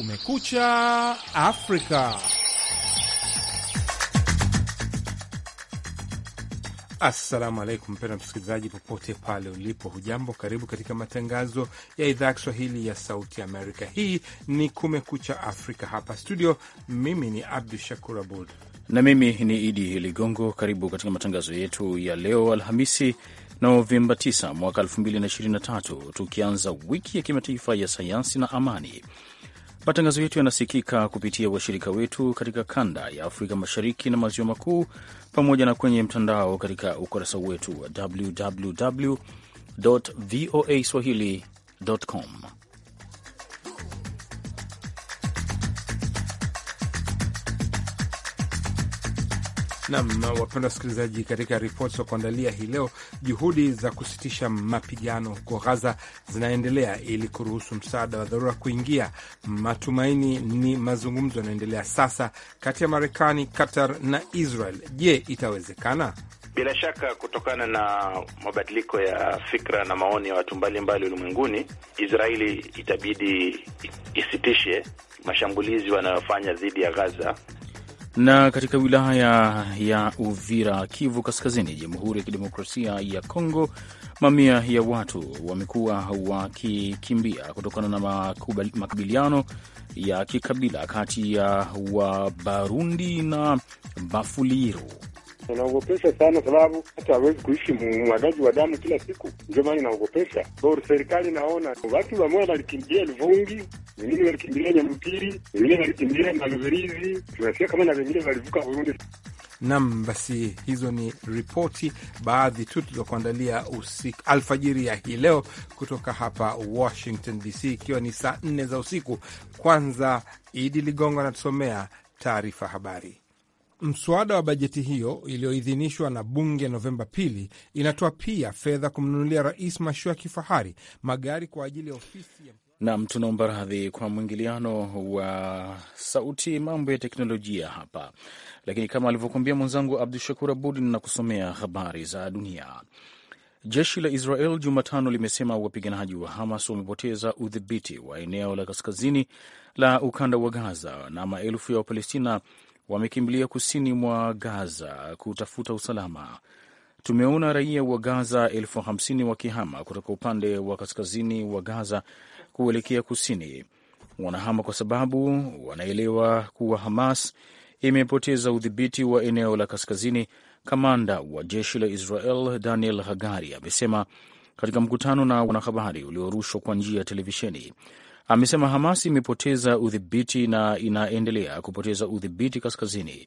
Kumekucha Afrika. Assalamu alaikum, mpendwa msikilizaji, popote pale ulipo, hujambo? Karibu katika matangazo ya idhaa ya Kiswahili ya Sauti Amerika. Hii ni Kumekucha Afrika hapa studio. Mimi ni Abdu Shakur Abud na mimi ni Idi Ligongo. Karibu katika matangazo yetu ya leo Alhamisi Novemba 9 mwaka 2023, tukianza wiki ya kimataifa ya sayansi na amani. Matangazo yetu yanasikika kupitia washirika wetu katika kanda ya Afrika Mashariki na Maziwa Makuu, pamoja na kwenye mtandao katika ukurasa wetu wa www voa swahili.com. Nam, wapenda wasikilizaji, katika ripoti za kuandalia hii leo, juhudi za kusitisha mapigano huko Ghaza zinaendelea ili kuruhusu msaada wa dharura kuingia. Matumaini ni mazungumzo yanaendelea sasa kati ya Marekani, Qatar na Israel. Je, itawezekana? Bila shaka kutokana na mabadiliko ya fikra na maoni ya watu mbalimbali ulimwenguni, Israeli itabidi isitishe mashambulizi wanayofanya dhidi ya Gaza na katika wilaya ya Uvira, Kivu Kaskazini, Jamhuri ya Kidemokrasia ya Kongo, mamia ya watu wamekuwa wakikimbia kutokana na makabiliano ya kikabila kati ya Wabarundi na Bafuliru inaogopesha sana, sababu hata hawezi kuishi mwagaji wa damu kila siku, ndio maana inaogopesha bora. Serikali naona watu wamoja walikimbilia Luvungi, wengine walikimbilia Nyamupiri, wengine walikimbilia Maluverizi, tunasikia kama na wengine walivuka Burundi. Nam, basi hizo ni ripoti baadhi tu tulizokuandalia usiku alfajiri ya hii leo kutoka hapa Washington DC, ikiwa ni saa nne za usiku. Kwanza Idi Ligongo anatusomea taarifa habari. Mswada wa bajeti hiyo iliyoidhinishwa na bunge Novemba pili inatoa pia fedha kumnunulia rais mashua ya kifahari, magari kwa ajili ya ofisi ya nam. Tunaomba radhi kwa mwingiliano wa sauti, mambo ya teknolojia hapa, lakini kama alivyokuambia mwenzangu Abdu Shakur Abud, kusomea habari za dunia. Jeshi la Israel Jumatano limesema wapiganaji wa Hamas wamepoteza udhibiti wa eneo la kaskazini la ukanda wa Gaza na maelfu ya Wapalestina wamekimbilia kusini mwa Gaza kutafuta usalama. Tumeona raia wa Gaza elfu hamsini wakihama kutoka upande wa kaskazini wa Gaza kuelekea kusini. Wanahama kwa sababu wanaelewa kuwa Hamas imepoteza udhibiti wa eneo la kaskazini. Kamanda wa jeshi la Israel Daniel Hagari amesema katika mkutano na wanahabari uliorushwa kwa njia ya televisheni amesema Hamas imepoteza udhibiti na inaendelea kupoteza udhibiti kaskazini.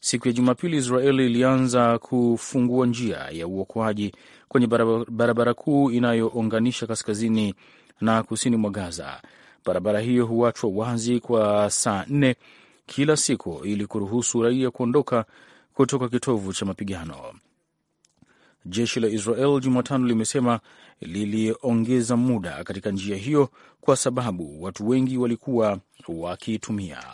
Siku ya Jumapili, Israeli ilianza kufungua njia ya uokoaji kwenye barabara, barabara kuu inayounganisha kaskazini na kusini mwa Gaza. Barabara hiyo huachwa wazi kwa saa nne kila siku ili kuruhusu raia kuondoka kutoka kitovu cha mapigano. Jeshi la Israel Jumatano limesema liliongeza muda katika njia hiyo kwa sababu watu wengi walikuwa wakitumia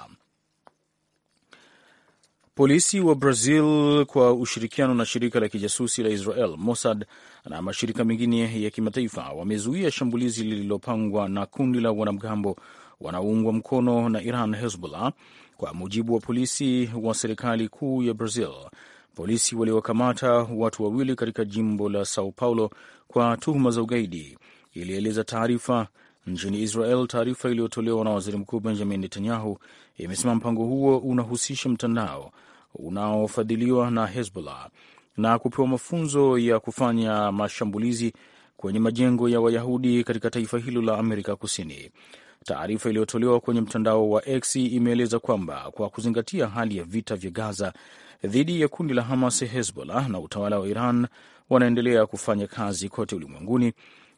Polisi wa Brazil kwa ushirikiano na shirika la kijasusi la Israel Mossad na mashirika mengine ya kimataifa wamezuia shambulizi lililopangwa na kundi la wanamgambo wanaoungwa mkono na Iran Hezbollah, kwa mujibu wa polisi wa serikali kuu ya Brazil. Polisi waliwakamata watu wawili katika jimbo la Sao Paulo kwa tuhuma za ugaidi, ilieleza taarifa nchini Israel. Taarifa iliyotolewa na waziri mkuu Benjamin Netanyahu imesema mpango huo unahusisha mtandao unaofadhiliwa na Hezbollah na kupewa mafunzo ya kufanya mashambulizi kwenye majengo ya Wayahudi katika taifa hilo la Amerika Kusini. Taarifa iliyotolewa kwenye mtandao wa X imeeleza kwamba kwa kuzingatia hali ya vita vya Gaza dhidi ya kundi la Hamas, Hezbollah na utawala wa Iran wanaendelea kufanya kazi kote ulimwenguni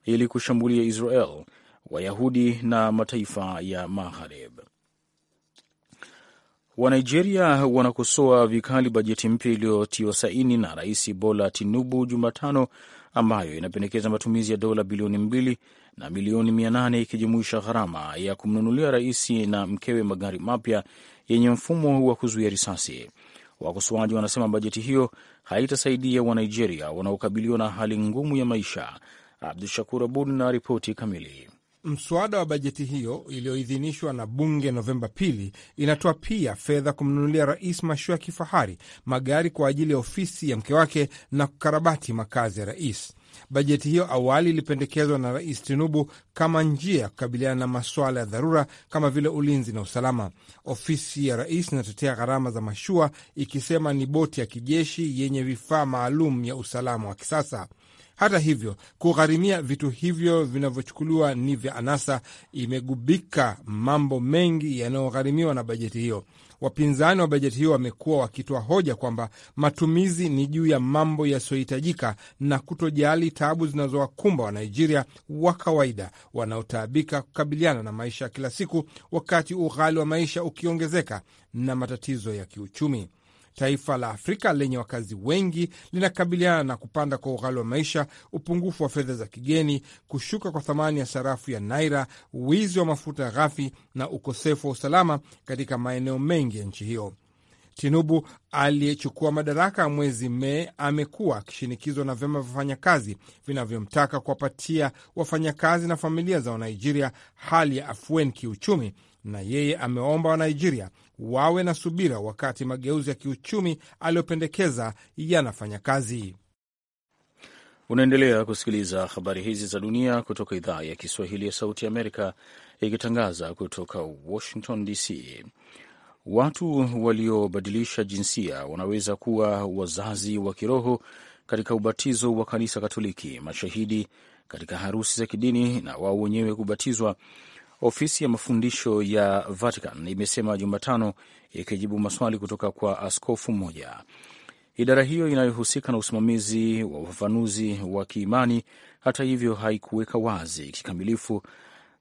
ili kushambulia Israel, Wayahudi na mataifa ya Magharib. Wanigeria wanakosoa vikali bajeti mpya iliyotiwa saini na Rais Bola Tinubu Jumatano, ambayo inapendekeza matumizi ya dola bilioni mbili na milioni mia nane ikijumuisha gharama ya kumnunulia rais na mkewe magari mapya yenye mfumo wa kuzuia risasi. Wakosoaji wanasema bajeti hiyo haitasaidia Wanigeria wanaokabiliwa na hali ngumu ya maisha. Abdu Shakur Abud na ripoti kamili. Mswada wa bajeti hiyo iliyoidhinishwa na bunge Novemba pili inatoa pia fedha kumnunulia rais mashua ya kifahari, magari kwa ajili ya ofisi ya mke wake na kukarabati makazi ya rais. Bajeti hiyo awali ilipendekezwa na Rais Tinubu kama njia ya kukabiliana na masuala ya dharura kama vile ulinzi na usalama. Ofisi ya rais inatetea gharama za mashua, ikisema ni boti ya kijeshi yenye vifaa maalum ya usalama wa kisasa. Hata hivyo, kugharimia vitu hivyo vinavyochukuliwa ni vya anasa imegubika mambo mengi yanayogharimiwa na bajeti hiyo. Wapinzani wa bajeti hiyo wamekuwa wakitoa hoja kwamba matumizi ni juu ya mambo yasiyohitajika na kutojali tabu zinazowakumba Wanigeria wa kawaida wanaotaabika kukabiliana na maisha ya kila siku, wakati ughali wa maisha ukiongezeka na matatizo ya kiuchumi. Taifa la Afrika lenye wakazi wengi linakabiliana na kupanda kwa ughali wa maisha, upungufu wa fedha za kigeni, kushuka kwa thamani ya sarafu ya naira, wizi wa mafuta ghafi na ukosefu wa usalama katika maeneo mengi ya nchi hiyo. Tinubu aliyechukua madaraka mwezi Mei amekuwa akishinikizwa na vyama vya wafanyakazi vinavyomtaka kuwapatia wafanyakazi na familia za Wanigeria hali ya afueni kiuchumi, na yeye amewaomba Wanigeria wawe na subira wakati mageuzi ya kiuchumi aliyopendekeza yanafanya kazi. Unaendelea kusikiliza habari hizi za dunia kutoka idhaa ya Kiswahili ya Sauti ya Amerika, ikitangaza kutoka Washington DC. Watu waliobadilisha jinsia wanaweza kuwa wazazi wa kiroho katika ubatizo wa kanisa Katoliki, mashahidi katika harusi za kidini na wao wenyewe kubatizwa Ofisi ya mafundisho ya Vatican imesema Jumatano, ikijibu maswali kutoka kwa askofu mmoja. Idara hiyo inayohusika na usimamizi wa ufafanuzi wa kiimani, hata hivyo, haikuweka wazi kikamilifu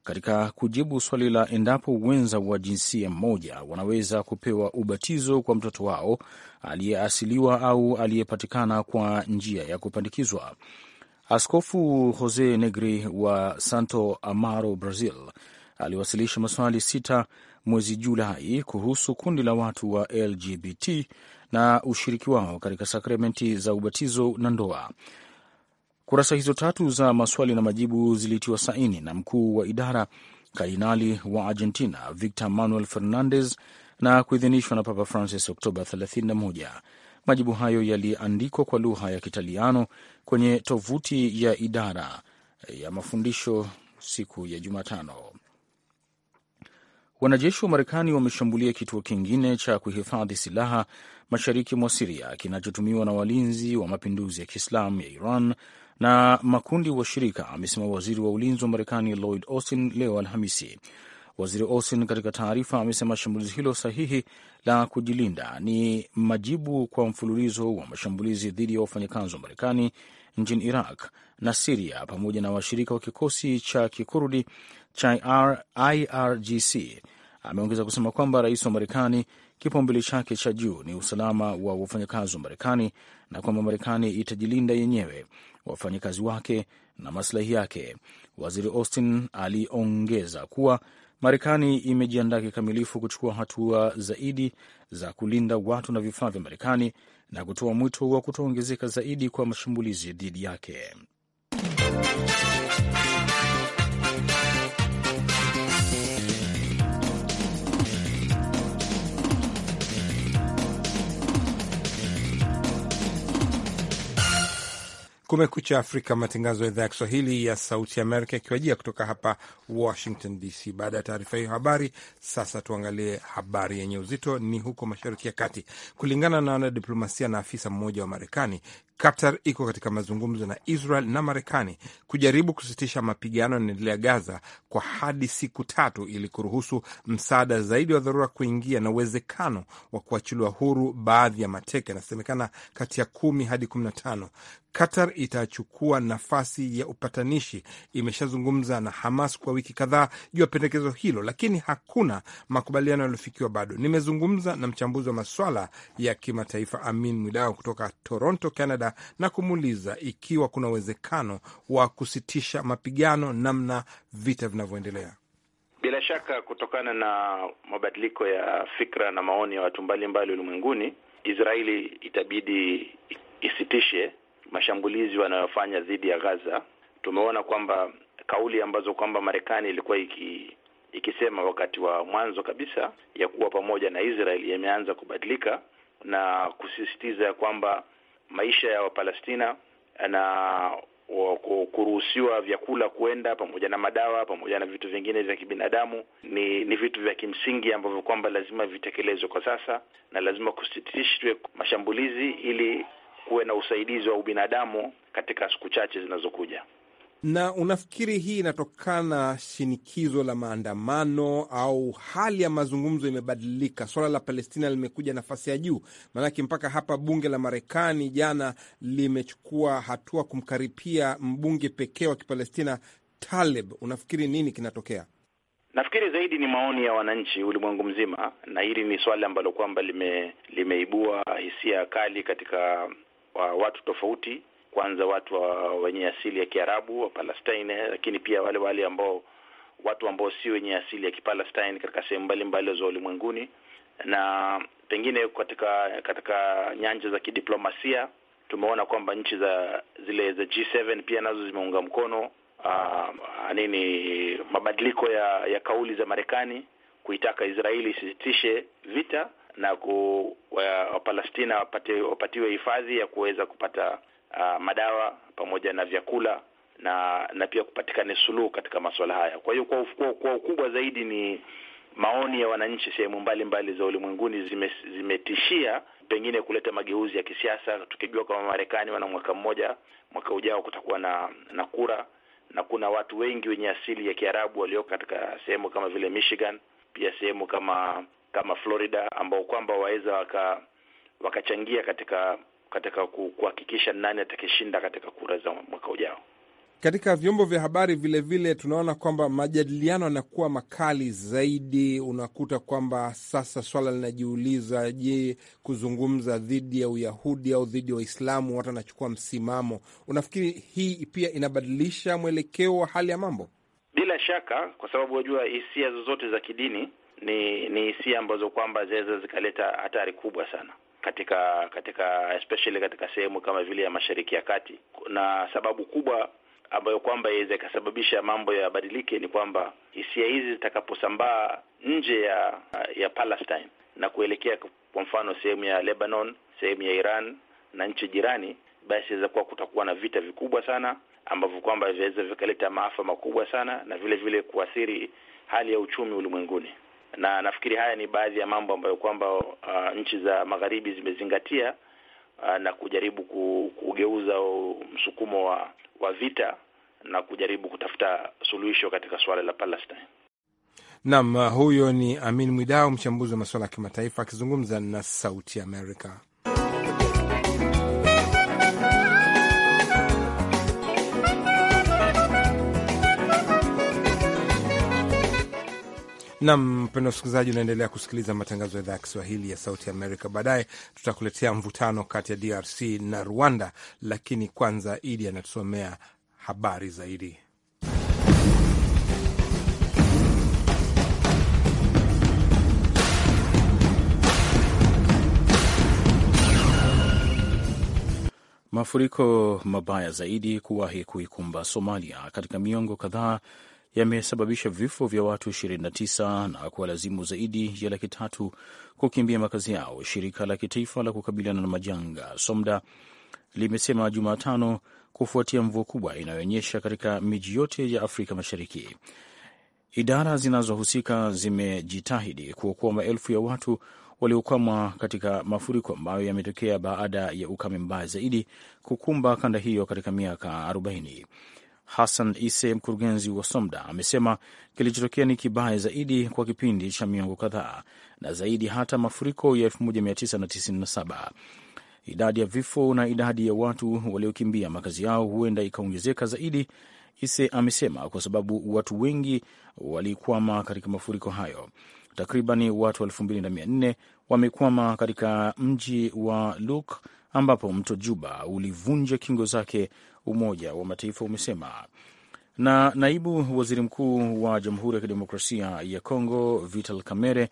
katika kujibu swali la endapo wenza wa jinsia mmoja wanaweza kupewa ubatizo kwa mtoto wao aliyeasiliwa au aliyepatikana kwa njia ya kupandikizwa. Askofu Jose Negri wa Santo Amaro, Brazil, aliwasilisha maswali sita mwezi Julai kuhusu kundi la watu wa LGBT na ushiriki wao katika sakramenti za ubatizo na ndoa. Kurasa hizo tatu za maswali na majibu zilitiwa saini na mkuu wa idara kardinali wa Argentina Victor Manuel Fernandez na kuidhinishwa na Papa Francis Oktoba 31. Majibu hayo yaliandikwa kwa lugha ya Kitaliano kwenye tovuti ya idara ya mafundisho siku ya Jumatano. Wanajeshi wa Marekani wameshambulia kituo kingine cha kuhifadhi silaha mashariki mwa Siria kinachotumiwa na walinzi wa mapinduzi ya Kiislamu ya Iran na makundi washirika, amesema waziri wa ulinzi wa Marekani Lloyd Austin leo Alhamisi. Waziri Austin katika taarifa amesema shambulizi hilo sahihi la kujilinda ni majibu kwa mfululizo wa mashambulizi dhidi ya wafanyakazi wa Marekani nchini Iraq na Siria pamoja na washirika wa kikosi cha kikurdi cha IRGC. Ameongeza kusema kwamba rais wa Marekani kipaumbele chake cha juu ni usalama wa wafanyakazi wa Marekani na kwamba Marekani itajilinda yenyewe, wafanyakazi wake na maslahi yake. Waziri Austin aliongeza kuwa Marekani imejiandaa kikamilifu kuchukua hatua zaidi za kulinda watu na vifaa vya Marekani na kutoa mwito wa kutoongezeka zaidi kwa mashambulizi dhidi yake. Kumekucha Afrika, matangazo ya idhaa ya Kiswahili ya Sauti Amerika ikiwajia kutoka hapa Washington DC. Baada ya taarifa hiyo habari, sasa tuangalie habari yenye uzito. Ni huko mashariki ya kati, kulingana na wanadiplomasia na afisa mmoja wa Marekani, Qatar iko katika mazungumzo na Israel na Marekani kujaribu kusitisha mapigano yanaendelea Gaza kwa hadi siku tatu ili kuruhusu msaada zaidi wa dharura kuingia na uwezekano wa kuachiliwa huru baadhi ya mateka, inasemekana kati ya kumi hadi kumi na tano. Qatar itachukua nafasi ya upatanishi. Imeshazungumza na Hamas kwa wiki kadhaa juu ya pendekezo hilo, lakini hakuna makubaliano yaliyofikiwa bado. Nimezungumza na mchambuzi wa maswala ya kimataifa Amin Mwidau kutoka Toronto, Canada Canada na kumuuliza ikiwa kuna uwezekano wa kusitisha mapigano namna vita vinavyoendelea. Bila shaka kutokana na mabadiliko ya fikra na maoni ya watu mbalimbali ulimwenguni, Israeli itabidi isitishe mashambulizi wanayofanya dhidi ya Gaza. Tumeona kwamba kauli ambazo kwamba Marekani ilikuwa iki, ikisema wakati wa mwanzo kabisa ya kuwa pamoja na Israel yameanza kubadilika na kusisitiza ya kwamba maisha ya Wapalestina na kuruhusiwa vyakula kuenda pamoja na madawa pamoja na vitu vingine vya kibinadamu ni ni vitu vya kimsingi ambavyo kwamba lazima vitekelezwe kwa sasa, na lazima kusitishwe mashambulizi ili kuwe na usaidizi wa ubinadamu katika siku chache zinazokuja. Na unafikiri hii inatokana shinikizo la maandamano au hali ya mazungumzo imebadilika? Swala la Palestina limekuja nafasi ya juu, maanake mpaka hapa bunge la Marekani jana limechukua hatua kumkaripia mbunge pekee wa Kipalestina Taleb. Unafikiri nini kinatokea? Nafikiri zaidi ni maoni ya wananchi ulimwengu mzima, na hili ni swala ambalo kwamba lime, limeibua hisia kali katika wa watu tofauti kwanza watu wa wenye asili ya Kiarabu wa Palestine, lakini pia wale wale ambao watu ambao si wenye asili ya Kipalestine katika sehemu mbalimbali za ulimwenguni, na pengine katika katika nyanja za kidiplomasia tumeona kwamba nchi za zile za G7 pia nazo zimeunga mkono aa, ah, ah, nini mabadiliko ya, ya kauli za Marekani kuitaka Israeli isitishe vita na ku Wapalestina wapate wapatiwe hifadhi ya kuweza kupata uh, madawa pamoja na vyakula na na pia kupatikane suluhu katika masuala haya. Kwa hiyo kwa, kwa ukubwa zaidi ni maoni ya wananchi sehemu mbalimbali za ulimwenguni zime, zimetishia pengine kuleta mageuzi ya kisiasa, tukijua kama Marekani wana mwaka mmoja, mwaka ujao kutakuwa na na kura, na kuna watu wengi wenye asili ya Kiarabu walioko katika sehemu kama vile Michigan, pia sehemu kama kama Florida ambao kwamba waweza waka wakachangia katika katika kuhakikisha nani atakishinda katika kura za mwaka ujao. Katika vyombo vya habari vilevile tunaona kwamba majadiliano yanakuwa makali zaidi. Unakuta kwamba sasa swala linajiuliza, je, kuzungumza dhidi ya Uyahudi au dhidi ya Waislamu, watu wanachukua msimamo. Unafikiri hii pia inabadilisha mwelekeo wa hali ya mambo? Bila shaka, kwa sababu wajua, hisia zozote za kidini ni ni hisia ambazo kwamba zinaweza zikaleta hatari kubwa sana katika katika especially katika sehemu kama vile ya Mashariki ya Kati. Na sababu kubwa ambayo kwamba iweza ikasababisha mambo yabadilike ni kwamba hisia hizi zitakaposambaa nje ya ya Palestine na kuelekea kwa mfano sehemu ya Lebanon, sehemu ya Iran na nchi jirani, basi inaweza kuwa kutakuwa na vita vikubwa sana ambavyo kwamba viweza vikaleta maafa makubwa sana na vile vile kuathiri hali ya uchumi ulimwenguni na nafikiri haya ni baadhi ya mambo ambayo kwamba uh, nchi za magharibi zimezingatia uh, na kujaribu kugeuza msukumo wa, wa vita na kujaribu kutafuta suluhisho katika suala la Palestine. Naam, uh, huyo ni Amin Mwidau, mchambuzi wa masuala ya kimataifa akizungumza na Sauti Amerika. Nam mpendo msikilizaji, unaendelea kusikiliza matangazo ya idhaa ya Kiswahili ya Sauti Amerika. Baadaye tutakuletea mvutano kati ya DRC na Rwanda, lakini kwanza Idi anatusomea habari zaidi. Mafuriko mabaya zaidi kuwahi kuikumba Somalia katika miongo kadhaa yamesababisha vifo vya watu 29 na kuwalazimu zaidi ya laki tatu kukimbia makazi yao. Shirika la kitaifa la kukabiliana na majanga SOMDA limesema Jumatano kufuatia mvua kubwa inayoonyesha katika miji yote ya Afrika Mashariki. Idara zinazohusika zimejitahidi kuokoa maelfu ya watu waliokwama katika mafuriko ambayo yametokea baada ya ukame mbaya zaidi kukumba kanda hiyo katika miaka Hassan ise mkurugenzi wa SOMDA, amesema kilichotokea ni kibaya zaidi kwa kipindi cha miongo kadhaa na zaidi hata mafuriko ya 1997. Idadi ya vifo na idadi ya watu waliokimbia makazi yao huenda ikaongezeka zaidi, Ise amesema, kwa sababu watu wengi walikwama katika mafuriko hayo. Takribani watu 2400 wamekwama katika mji wa Luk ambapo mto Juba ulivunja kingo zake Umoja wa Mataifa umesema. Na naibu waziri mkuu wa Jamhuri ya Kidemokrasia ya Kongo Vital Kamerhe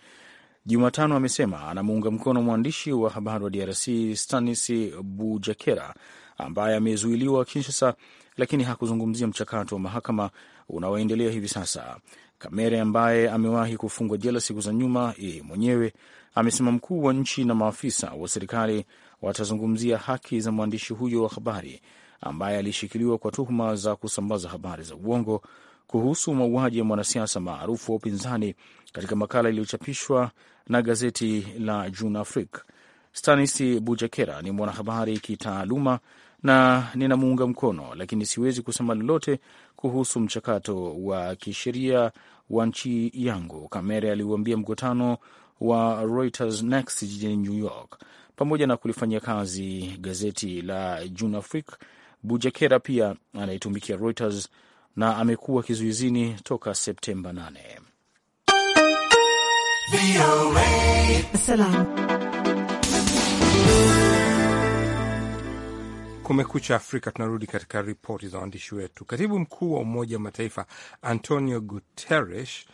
Jumatano amesema anamuunga mkono mwandishi wa habari wa DRC Stanis Bujakera ambaye amezuiliwa Kinshasa, lakini hakuzungumzia mchakato wa mahakama unaoendelea hivi sasa. Kamere ambaye amewahi kufungwa jela siku za nyuma yeye mwenyewe amesema mkuu wa nchi na maafisa wa serikali watazungumzia haki za mwandishi huyo wa habari ambaye alishikiliwa kwa tuhuma za kusambaza habari za uongo kuhusu mauaji ya mwanasiasa maarufu wa upinzani katika makala iliyochapishwa na gazeti la June Afrique. Stanis Bujakera ni mwanahabari kitaaluma na ninamuunga mkono, lakini siwezi kusema lolote kuhusu mchakato wa kisheria wa nchi yangu, Kamere aliuambia mkutano wa Reuters Next jijini New York, pamoja na kulifanyia kazi gazeti la June Afrique Bujakera pia anaitumikia Reuters na amekuwa kizuizini toka Septemba 8. Kumekucha Afrika. Tunarudi katika ripoti za waandishi wetu. Katibu mkuu wa Umoja wa Mataifa Antonio Guterres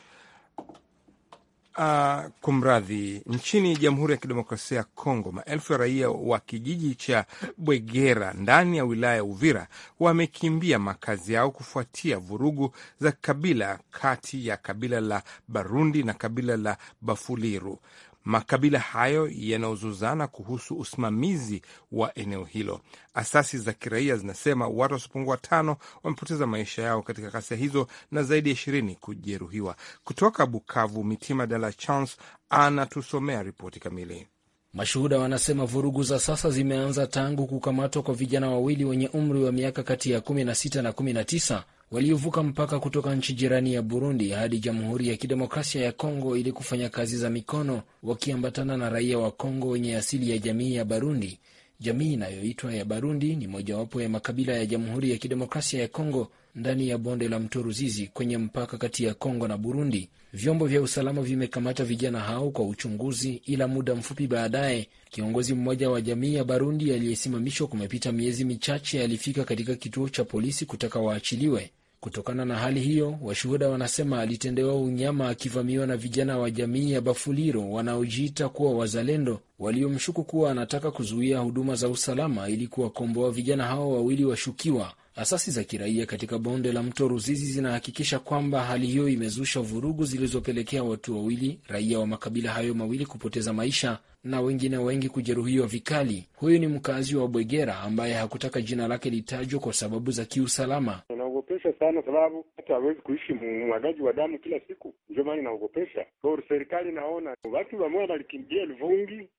Uh, kumradhi, nchini Jamhuri ya Kidemokrasia ya Kongo, maelfu ya raia wa kijiji cha Bwegera ndani ya wilaya ya Uvira wamekimbia makazi yao kufuatia vurugu za kabila kati ya kabila la Barundi na kabila la Bafuliru makabila hayo yanayozuzana kuhusu usimamizi wa eneo hilo. Asasi za kiraia zinasema watu wasiopungua tano wamepoteza maisha yao katika ghasia hizo na zaidi ya ishirini kujeruhiwa. Kutoka Bukavu, Mitima de la Chance anatusomea ripoti kamili. Mashuhuda wanasema vurugu za sasa zimeanza tangu kukamatwa kwa vijana wawili wenye umri wa miaka kati ya 16 na 19 waliovuka mpaka kutoka nchi jirani ya Burundi hadi Jamhuri ya Kidemokrasia ya Kongo ili kufanya kazi za mikono wakiambatana na raia wa Kongo wenye asili ya jamii ya Barundi. Jamii inayoitwa ya Barundi ni mojawapo ya makabila ya Jamhuri ya Kidemokrasia ya Kongo ndani ya bonde la mto Ruzizi kwenye mpaka kati ya Kongo na Burundi. Vyombo vya usalama vimekamata vijana hao kwa uchunguzi, ila muda mfupi baadaye kiongozi mmoja wa jamii ya Barundi aliyesimamishwa kumepita miezi michache alifika katika kituo cha polisi kutaka waachiliwe. Kutokana na hali hiyo, washuhuda wanasema alitendewa unyama akivamiwa na vijana wa jamii ya Bafuliro wanaojiita kuwa wazalendo waliomshuku kuwa anataka kuzuia huduma za usalama ili kuwakomboa vijana hao wawili washukiwa Asasi za kiraia katika bonde la mto Ruzizi zinahakikisha kwamba hali hiyo imezusha vurugu zilizopelekea watu wawili raia wa makabila hayo mawili kupoteza maisha na wengine wengi kujeruhiwa vikali. Huyu ni mkazi wa Bwegera ambaye hakutaka jina lake litajwa kwa sababu za kiusalama. Inaogopesha sana sababu hata hawezi kuishi mwagaji wa damu kila siku, ndio maana inaogopesha. serikali, inaona watu wamoja walikimbia Luvungi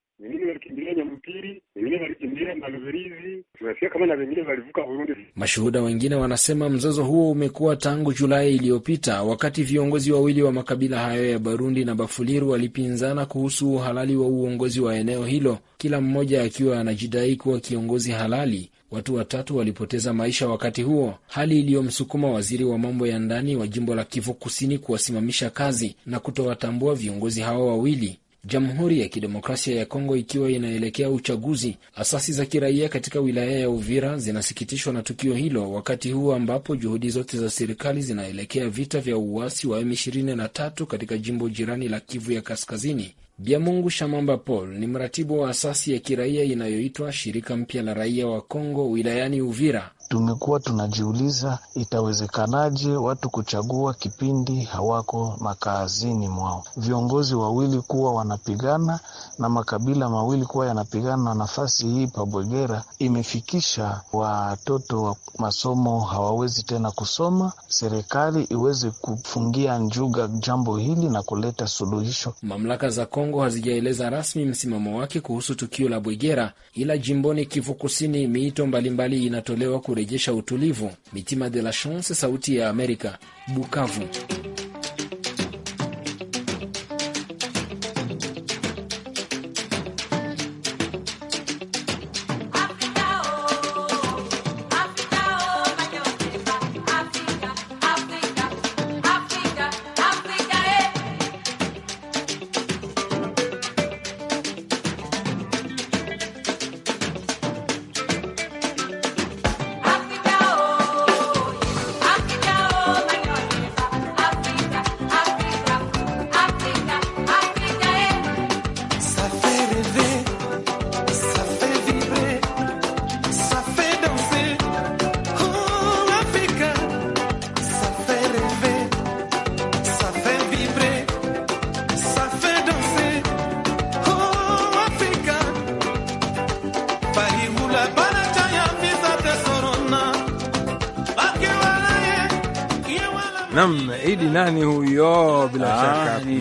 tunasikia kama na walivuka Burundi. Mashuhuda wengine wanasema mzozo huo umekuwa tangu Julai iliyopita, wakati viongozi wawili wa makabila hayo ya Barundi na Bafuliru walipinzana kuhusu uhalali wa uongozi wa eneo hilo, kila mmoja akiwa anajidai kuwa kiongozi halali. Watu watatu walipoteza maisha wakati huo, hali iliyomsukuma waziri wa mambo ya ndani wa jimbo la Kivu Kusini kuwasimamisha kazi na kutowatambua viongozi hao wawili. Jamhuri ya Kidemokrasia ya Kongo ikiwa inaelekea uchaguzi, asasi za kiraia katika wilaya ya Uvira zinasikitishwa na tukio hilo, wakati huu ambapo juhudi zote za serikali zinaelekea vita vya uasi wa M23 katika jimbo jirani la Kivu ya Kaskazini. Biamungu Shamamba Paul ni mratibu wa asasi ya kiraia inayoitwa Shirika Mpya la Raia wa Kongo wilayani Uvira tumekuwa tunajiuliza itawezekanaje watu kuchagua kipindi hawako makazini mwao, viongozi wawili kuwa wanapigana na makabila mawili kuwa yanapigana, na nafasi hii pabwegera imefikisha watoto wa masomo hawawezi tena kusoma. Serikali iweze kufungia njuga jambo hili na kuleta suluhisho. Mamlaka za Kongo hazijaeleza rasmi msimamo wake kuhusu tukio la Bwegera, ila jimboni Kivu Kusini miito mbalimbali inatolewa kure kurejesha utulivu. Mitima de la Chance, Sauti ya Amerika, Bukavu.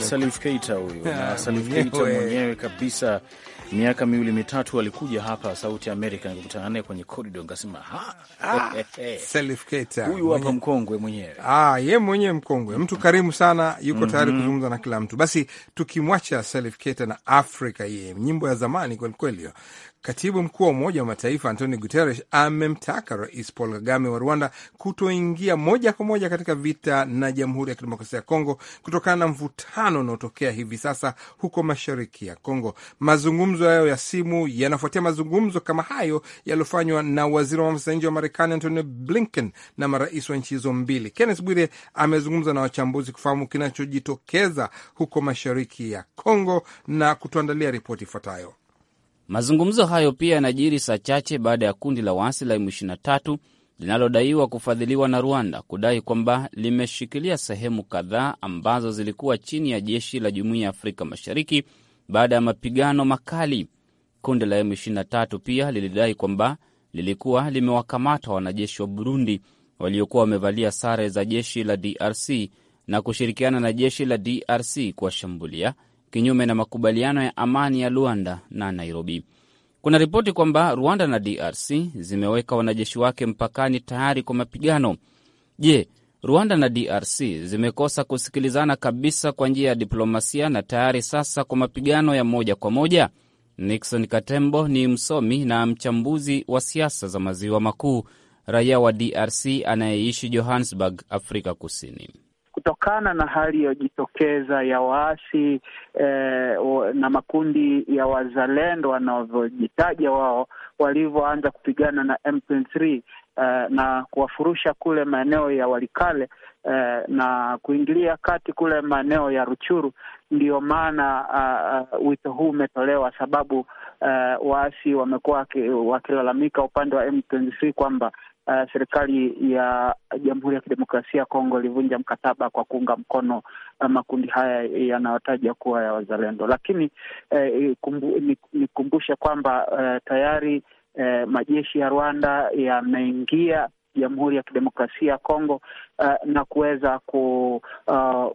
Salif Keita huyu na Salif Keita mwenyewe kabisa. Miaka miwili mitatu alikuja hapa Sauti ya Amerika, nikakutana naye kwenye korido, nikasema ah, Salif Keita huyu hapa, mkongwe mwenyewe. Ah, ye mwenyewe mkongwe, mtu karimu sana, yuko mhm. tayari mm -hmm. kuzungumza na kila mtu. Basi tukimwacha Salif Keita na Afrika, ye nyimbo ya zamani kwelikweli Katibu mkuu wa Umoja wa Mataifa antoni Guterres amemtaka Rais Paul Kagame wa Rwanda kutoingia moja kwa moja katika vita na Jamhuri ya Kidemokrasia ya Kongo kutokana na mvutano unaotokea hivi sasa huko mashariki ya Kongo. Mazungumzo hayo ya simu yanafuatia mazungumzo kama hayo yaliyofanywa na waziri wa mambo ya nje wa Marekani antony Blinken na marais wa nchi hizo mbili. Kenneth Bwire amezungumza na wachambuzi kufahamu kinachojitokeza huko mashariki ya Kongo na kutuandalia ripoti ifuatayo. Mazungumzo hayo pia yanajiri saa chache baada ya kundi la waasi la M23 linalodaiwa kufadhiliwa na Rwanda kudai kwamba limeshikilia sehemu kadhaa ambazo zilikuwa chini ya jeshi la Jumuiya ya Afrika Mashariki baada ya mapigano makali. Kundi la M23 pia lilidai kwamba lilikuwa limewakamata wanajeshi wa Burundi waliokuwa wamevalia sare za jeshi la DRC na kushirikiana na jeshi la DRC kuwashambulia kinyume na makubaliano ya amani ya Luanda na Nairobi. Kuna ripoti kwamba Rwanda na DRC zimeweka wanajeshi wake mpakani tayari kwa mapigano. Je, Rwanda na DRC zimekosa kusikilizana kabisa kwa njia ya diplomasia na tayari sasa kwa mapigano ya moja kwa moja? Nixon Katembo ni msomi na mchambuzi wa siasa za maziwa makuu, raia wa DRC anayeishi Johannesburg, Afrika Kusini kutokana na hali iliyojitokeza ya waasi eh, na makundi ya wazalendo wanavyojitaja wao walivyoanza kupigana na M23 eh, na kuwafurusha kule maeneo ya Walikale eh, na kuingilia kati kule maeneo ya Ruchuru. Ndiyo maana uh, uh, wito huu umetolewa, sababu uh, waasi wamekuwa wakilalamika upande wa M23 kwamba uh, serikali ya Jamhuri ya Kidemokrasia ya Kongo ilivunja mkataba kwa kuunga mkono uh, makundi haya yanayotaja kuwa ya wazalendo, lakini eh, uh, kumbu, nikumbushe kwamba eh, tayari eh, majeshi ya Rwanda yameingia Jamhuri ya Kidemokrasia ya Kongo uh, na kuweza ku, uh,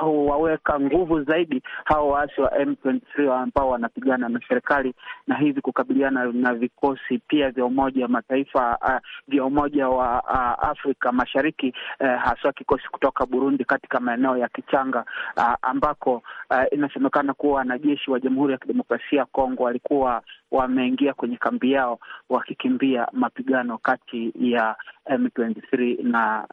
huwaweka nguvu zaidi hawa waasi wa M23 ambao wanapigana na serikali na hivi kukabiliana na vikosi pia vya Umoja wa Mataifa uh, vya Umoja wa uh, Afrika Mashariki uh, haswa kikosi kutoka Burundi katika maeneo ya Kichanga uh, ambako uh, inasemekana kuwa wanajeshi wa Jamhuri ya Kidemokrasia ya Kongo walikuwa wameingia kwenye kambi yao wakikimbia mapigano kati ya eh, M23 na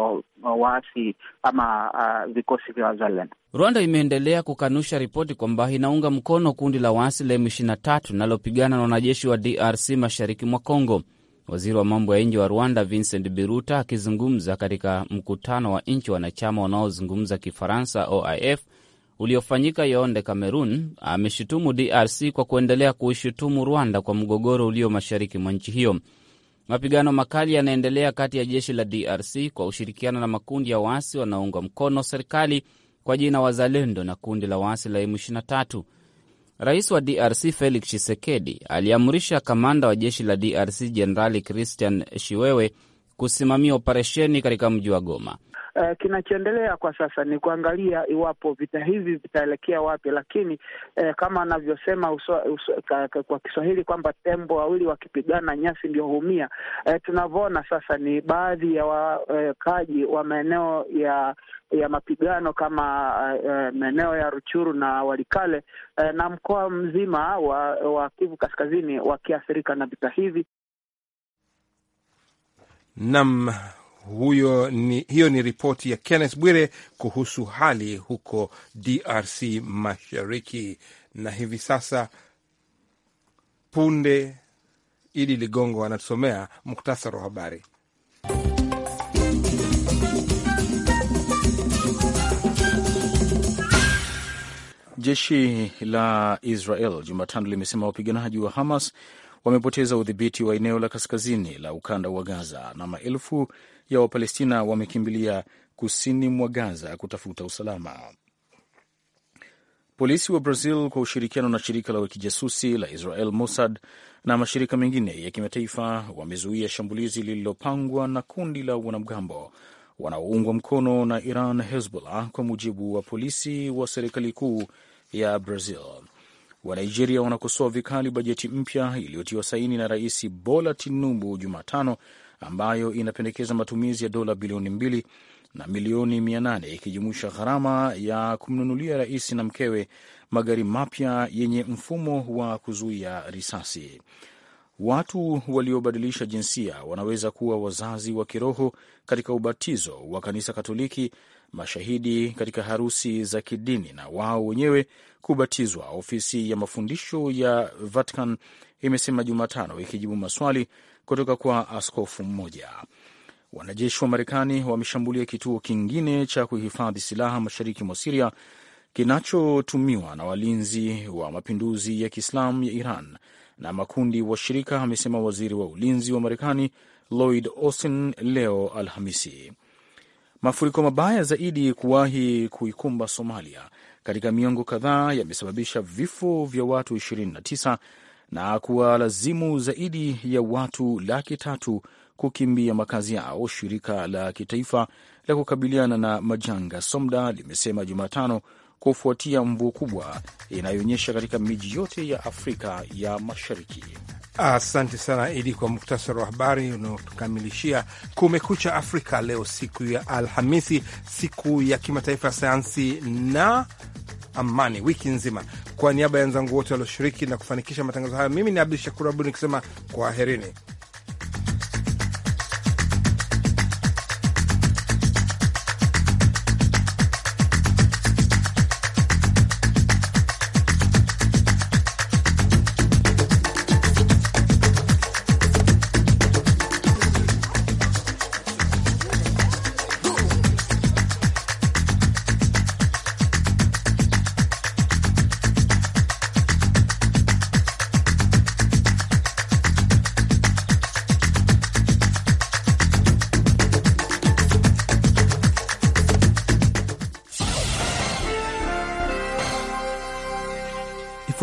uh, uh, waasi ama uh, vikosi vya wazalendo. Rwanda imeendelea kukanusha ripoti kwamba inaunga mkono kundi la waasi la M23 linalopigana na wanajeshi wa DRC mashariki mwa congo Waziri wa mambo ya nje wa Rwanda Vincent Biruta akizungumza katika mkutano wa nchi wanachama wanaozungumza Kifaransa OIF uliofanyika yonde Kamerun, ameshutumu DRC kwa kuendelea kuishutumu Rwanda kwa mgogoro ulio mashariki mwa nchi hiyo. Mapigano makali yanaendelea kati ya jeshi la DRC kwa ushirikiano na makundi ya waasi wanaoungwa mkono serikali kwa jina Wazalendo na kundi la waasi la M23. Rais wa DRC Felix Tshisekedi aliamrisha kamanda wa jeshi la DRC Jenerali Christian Shiwewe kusimamia operesheni katika mji wa Goma. Uh, kinachoendelea kwa sasa ni kuangalia iwapo vita hivi vitaelekea wapi, lakini uh, kama anavyosema kwa Kiswahili kwamba tembo wawili wakipigana nyasi ndio huumia. Uh, tunavyoona sasa ni baadhi ya wakaji uh, wa maeneo ya ya mapigano kama uh, maeneo ya Ruchuru na Walikale uh, na mkoa mzima wa, wa Kivu Kaskazini wakiathirika na vita hivi nam huyo ni, hiyo ni ripoti ya Kenneth Bwire kuhusu hali huko DRC Mashariki. Na hivi sasa punde Idi Ligongo anatusomea muktasari wa habari. Jeshi la Israel Jumatano limesema wapiganaji wa Hamas wamepoteza udhibiti wa eneo la kaskazini la ukanda wa Gaza na maelfu ya Wapalestina wamekimbilia kusini mwa Gaza kutafuta usalama. Polisi wa Brazil kwa ushirikiano na shirika la kijasusi la Israel Mossad na mashirika mengine ya kimataifa wamezuia shambulizi lililopangwa na kundi la wanamgambo wanaoungwa mkono na Iran Hezbollah, kwa mujibu wa polisi wa serikali kuu ya Brazil. Wanigeria wanakosoa vikali bajeti mpya iliyotiwa saini na Rais Bola Tinubu Jumatano ambayo inapendekeza matumizi ya dola bilioni mbili na milioni mia nane ikijumuisha gharama ya kumnunulia rais na mkewe magari mapya yenye mfumo wa kuzuia risasi. Watu waliobadilisha jinsia wanaweza kuwa wazazi wa kiroho katika ubatizo wa kanisa Katoliki, mashahidi katika harusi za kidini na wao wenyewe kubatizwa, ofisi ya mafundisho ya Vatican imesema Jumatano, ikijibu maswali kutoka kwa askofu mmoja. Wanajeshi wa Marekani wameshambulia kituo kingine cha kuhifadhi silaha mashariki mwa Siria kinachotumiwa na walinzi wa mapinduzi ya Kiislamu ya Iran na makundi washirika, amesema waziri wa ulinzi wa Marekani Lloyd Austin leo Alhamisi. Mafuriko mabaya zaidi kuwahi kuikumba Somalia katika miongo kadhaa yamesababisha vifo vya watu 29 na kuwalazimu zaidi ya watu laki tatu kukimbia makazi yao. Shirika la kitaifa la kukabiliana na majanga SOMDA limesema Jumatano kufuatia mvua kubwa inayoonyesha katika miji yote ya Afrika ya Mashariki. Asante sana Idi kwa muktasari wa habari unaotukamilishia Kumekucha Afrika leo, siku ya Alhamisi, siku ya kimataifa ya sayansi na amani wiki nzima. Kwa niaba ya wenzangu wote walioshiriki na kufanikisha matangazo haya, mimi ni Abdu Shakur Abud nikisema kwaherini.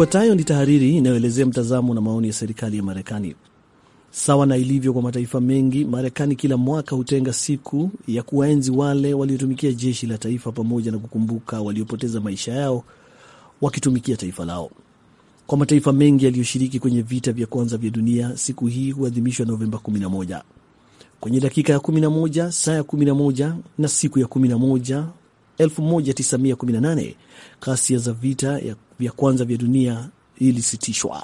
Ifuatayo ni tahariri inayoelezea mtazamo na maoni ya serikali ya Marekani. Sawa na ilivyo kwa mataifa mengi, Marekani kila mwaka hutenga siku ya kuwaenzi wale waliotumikia jeshi la taifa pamoja na kukumbuka waliopoteza maisha yao wakitumikia taifa lao. Kwa mataifa mengi yaliyoshiriki kwenye vita vya kwanza vya dunia, siku hii huadhimishwa Novemba 11 kwenye dakika ya 11, saa ya 11 na siku ya 11 1918, ghasia za vita ya vya kwanza vya dunia ilisitishwa.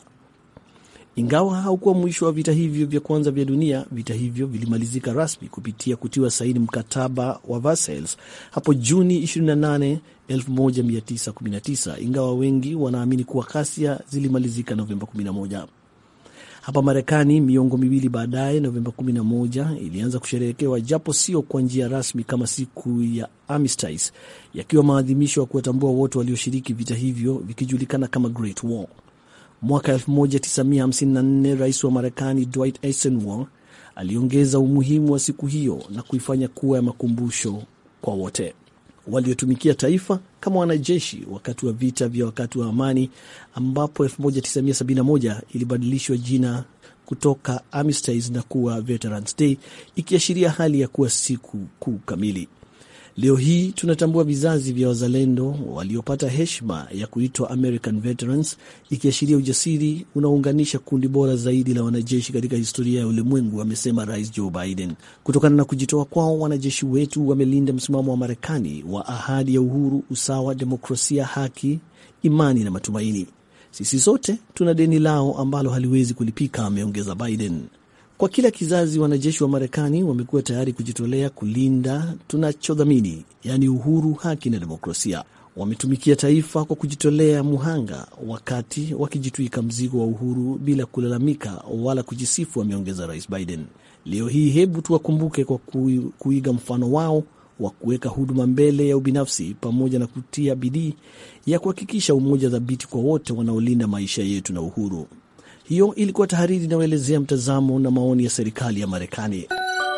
Ingawa haukuwa mwisho wa vita hivyo vya kwanza vya dunia, vita hivyo vilimalizika rasmi kupitia kutiwa saini mkataba wa Versailles hapo Juni 28, 1919, ingawa wengi wanaamini kuwa ghasia zilimalizika Novemba 11. Hapa Marekani, miongo miwili baadaye, Novemba 11 ilianza kusherehekewa japo sio kwa njia rasmi kama siku ya Armistice, yakiwa maadhimisho ya kuwatambua wote walioshiriki vita hivyo vikijulikana kama Great War. Mwaka 1954 rais wa Marekani Dwight Eisenhower aliongeza umuhimu wa siku hiyo na kuifanya kuwa ya makumbusho kwa wote waliotumikia taifa kama wanajeshi wakati wa vita vya wakati wa amani, ambapo 1971 ilibadilishwa jina kutoka Armistice na kuwa Veterans Day, ikiashiria hali ya kuwa siku kuu kamili. Leo hii tunatambua vizazi vya wazalendo waliopata heshima ya kuitwa American Veterans, ikiashiria ujasiri unaounganisha kundi bora zaidi la wanajeshi katika historia ya ulimwengu, amesema Rais Joe Biden. Kutokana na kujitoa kwao, wanajeshi wetu wamelinda msimamo wa Marekani wa ahadi ya uhuru, usawa, demokrasia, haki, imani na matumaini. Sisi sote tuna deni lao ambalo haliwezi kulipika, ameongeza Biden. Kwa kila kizazi, wanajeshi wa Marekani wamekuwa tayari kujitolea kulinda tunachodhamini, yaani uhuru, haki na demokrasia. Wametumikia taifa kwa kujitolea muhanga, wakati wakijitwika mzigo wa uhuru bila kulalamika wala kujisifu, ameongeza Rais Biden. Leo hii hebu tuwakumbuke kwa kuiga mfano wao wa kuweka huduma mbele ya ubinafsi pamoja na kutia bidii ya kuhakikisha umoja dhabiti kwa wote wanaolinda maisha yetu na uhuru. Hiyo ilikuwa tahariri inayoelezea mtazamo na maoni ya serikali ya Marekani.